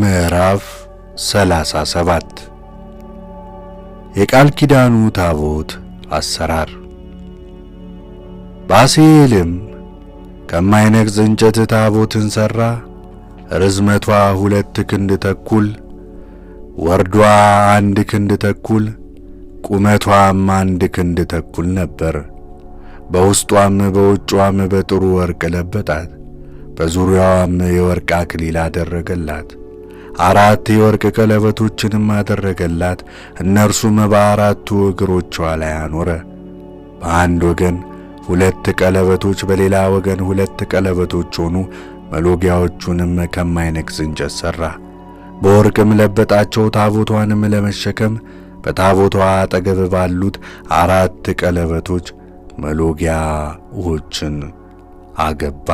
ምዕራፍ 37 የቃል ኪዳኑ ታቦት አሰራር ባሴልም ከማይነቅዝ እንጨት ታቦትን ሠራ። ርዝመቷ ሁለት ክንድ ተኩል፣ ወርዷ አንድ ክንድ ተኩል፣ ቁመቷም አንድ ክንድ ተኩል ነበር። በውስጧም በውጯም በጥሩ ወርቅ ለበጣት። በዙሪያዋም የወርቅ አክሊል አደረገላት። አራት የወርቅ ቀለበቶችንም አደረገላት፣ እነርሱም በአራቱ እግሮቿ ላይ አኖረ። በአንድ ወገን ሁለት ቀለበቶች፣ በሌላ ወገን ሁለት ቀለበቶች ሆኑ። መሎጊያዎቹንም ከማይነቅዝ እንጨት ሠራ፣ በወርቅም ለበጣቸው። ታቦቷንም ለመሸከም በታቦቷ አጠገብ ባሉት አራት ቀለበቶች መሎጊያዎችን አገባ።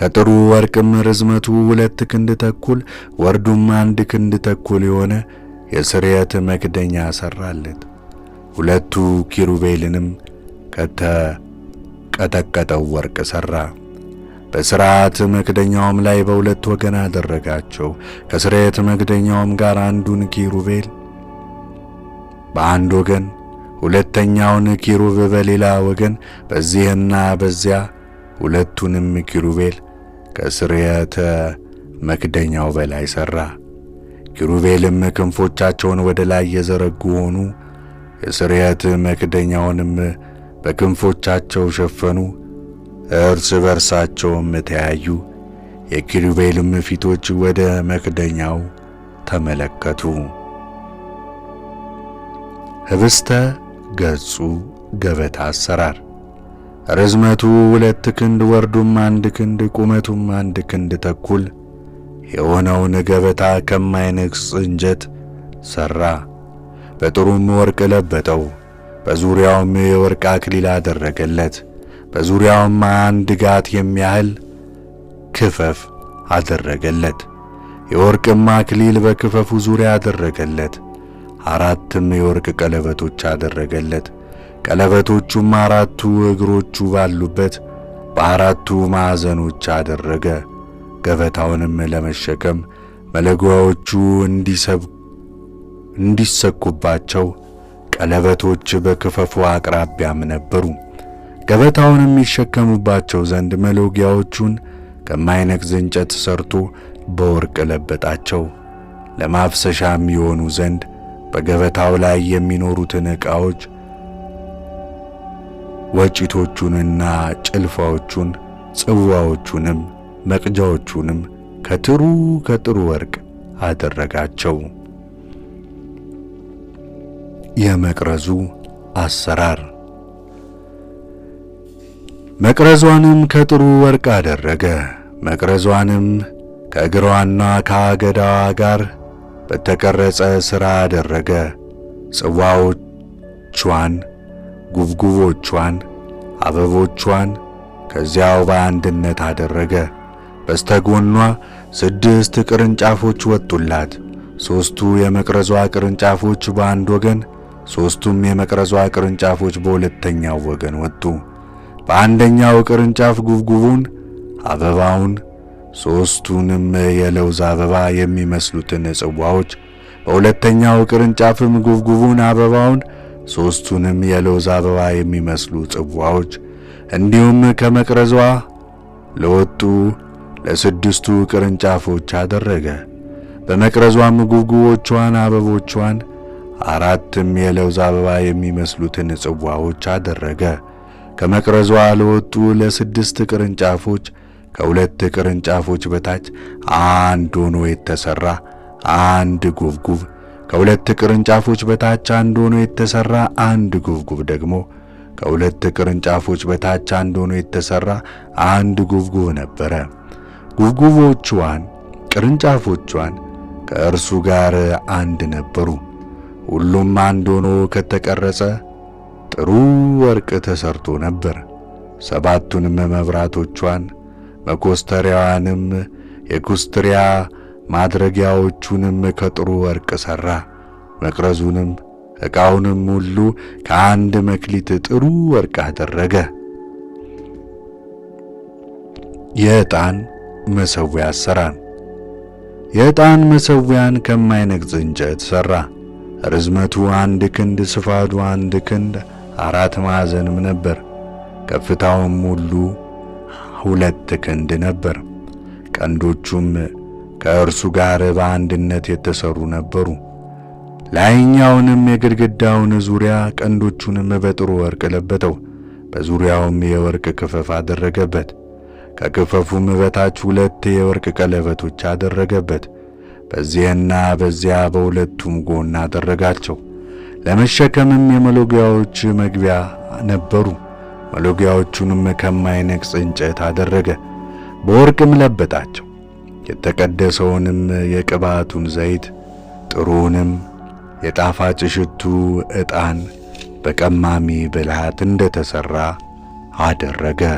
ከጥሩ ወርቅም ርዝመቱ ሁለት ክንድ ተኩል ወርዱም አንድ ክንድ ተኩል የሆነ የስርየት መክደኛ ሰራለት። ሁለቱ ኪሩቤልንም ከተቀጠቀጠው ወርቅ ሠራ። በሥርዓት መክደኛውም ላይ በሁለት ወገን አደረጋቸው። ከስርየት መክደኛውም ጋር አንዱን ኪሩቤል በአንድ ወገን፣ ሁለተኛውን ኪሩብ በሌላ ወገን፣ በዚህና በዚያ ሁለቱንም ኪሩቤል ከስርየተ መክደኛው በላይ ሠራ። ኪሩቤልም ክንፎቻቸውን ወደ ላይ የዘረጉ ሆኑ። የስርየት መክደኛውንም በክንፎቻቸው ሸፈኑ። እርስ በርሳቸውም ተያዩ። የኪሩቤልም ፊቶች ወደ መክደኛው ተመለከቱ። ህብስተ ገጹ ገበታ አሰራር ርዝመቱ ሁለት ክንድ ወርዱም አንድ ክንድ ቁመቱም አንድ ክንድ ተኩል የሆነውን ገበታ ከማይነቅጽ እንጨት ሠራ። በጥሩም ወርቅ ለበጠው። በዙሪያውም የወርቅ አክሊል አደረገለት። በዙሪያውም አንድ ጋት የሚያህል ክፈፍ አደረገለት። የወርቅም አክሊል በክፈፉ ዙሪያ አደረገለት። አራትም የወርቅ ቀለበቶች አደረገለት። ቀለበቶቹም አራቱ እግሮቹ ባሉበት በአራቱ ማዕዘኖች አደረገ። ገበታውንም ለመሸከም መለጓዎቹ እንዲሰኩባቸው ቀለበቶች በክፈፉ አቅራቢያም ነበሩ። ገበታውን የሚሸከሙባቸው ዘንድ መሎጊያዎቹን ከማይነቅዝ እንጨት ሰርቶ በወርቅ ለበጣቸው። ለማፍሰሻ የሚሆኑ ዘንድ በገበታው ላይ የሚኖሩትን ዕቃዎች ወጭቶቹንና ጭልፋዎቹን ጽዋዎቹንም መቅጃዎቹንም ከትሩ ከጥሩ ወርቅ አደረጋቸው። የመቅረዙ አሰራር መቅረዟንም ከጥሩ ወርቅ አደረገ። መቅረዟንም ከእግሯና ከአገዳዋ ጋር በተቀረጸ ሥራ አደረገ። ጽዋዎቿን ጉብጉቦቿን፣ አበቦቿን ከዚያው በአንድነት አደረገ። በስተጎኗ ስድስት ቅርንጫፎች ወጡላት። ሦስቱ የመቅረዟ ቅርንጫፎች በአንድ ወገን፣ ሦስቱም የመቅረዟ ቅርንጫፎች በሁለተኛው ወገን ወጡ። በአንደኛው ቅርንጫፍ ጉብጉቡን፣ አበባውን፣ ሦስቱንም የለውዝ አበባ የሚመስሉትን ጽዋዎች፣ በሁለተኛው ቅርንጫፍም ጉብጉቡን፣ አበባውን ሦስቱንም የለውዝ አበባ የሚመስሉ ጽዋዎች እንዲሁም ከመቅረዟ ለወጡ ለስድስቱ ቅርንጫፎች አደረገ። በመቅረዟም ጉብጉቦቿን፣ አበቦቿን አራትም የለውዝ አበባ የሚመስሉትን ጽዋዎች አደረገ። ከመቅረዟ ለወጡ ለስድስት ቅርንጫፎች ከሁለት ቅርንጫፎች በታች አንድ ሆኖ የተሠራ አንድ ጉብጉብ ከሁለት ቅርንጫፎች በታች አንድ ሆኖ የተሰራ አንድ ጉብጉብ ደግሞ ከሁለት ቅርንጫፎች በታች አንድ ሆኖ የተሰራ አንድ ጉብጉብ ነበረ። ጉብጉቦቿን ቅርንጫፎቿን ከእርሱ ጋር አንድ ነበሩ። ሁሉም አንድ ሆኖ ከተቀረጸ ጥሩ ወርቅ ተሰርቶ ነበር። ሰባቱንም መብራቶቿን መኮስተሪያዋንም የኩስትሪያ ማድረጊያዎቹንም ከጥሩ ወርቅ ሠራ። መቅረዙንም ዕቃውንም ሁሉ ከአንድ መክሊት ጥሩ ወርቅ አደረገ። የዕጣን መሠዊያ አሰራር። የዕጣን መሠዊያን ከማይነቅዝ እንጨት ሠራ። ርዝመቱ አንድ ክንድ ስፋቱ አንድ ክንድ አራት ማዕዘንም ነበር። ከፍታውም ሁሉ ሁለት ክንድ ነበር። ቀንዶቹም ከእርሱ ጋር በአንድነት የተሰሩ ነበሩ። ላይኛውንም የግድግዳውን ዙሪያ ቀንዶቹንም በጥሩ ወርቅ ለበጠው። በዙሪያውም የወርቅ ክፈፍ አደረገበት። ከክፈፉም በታች ሁለት የወርቅ ቀለበቶች አደረገበት። በዚያና በዚያ በሁለቱም ጎን አደረጋቸው። ለመሸከምም የመሎጊያዎች መግቢያ ነበሩ። መሎጊያዎቹንም ከማይነቅስ እንጨት አደረገ፣ በወርቅም ለበጣቸው። የተቀደሰውንም የቅባቱን ዘይት ጥሩውንም የጣፋጭ ሽቱ ዕጣን በቀማሚ ብልሃት እንደተሰራ አደረገ።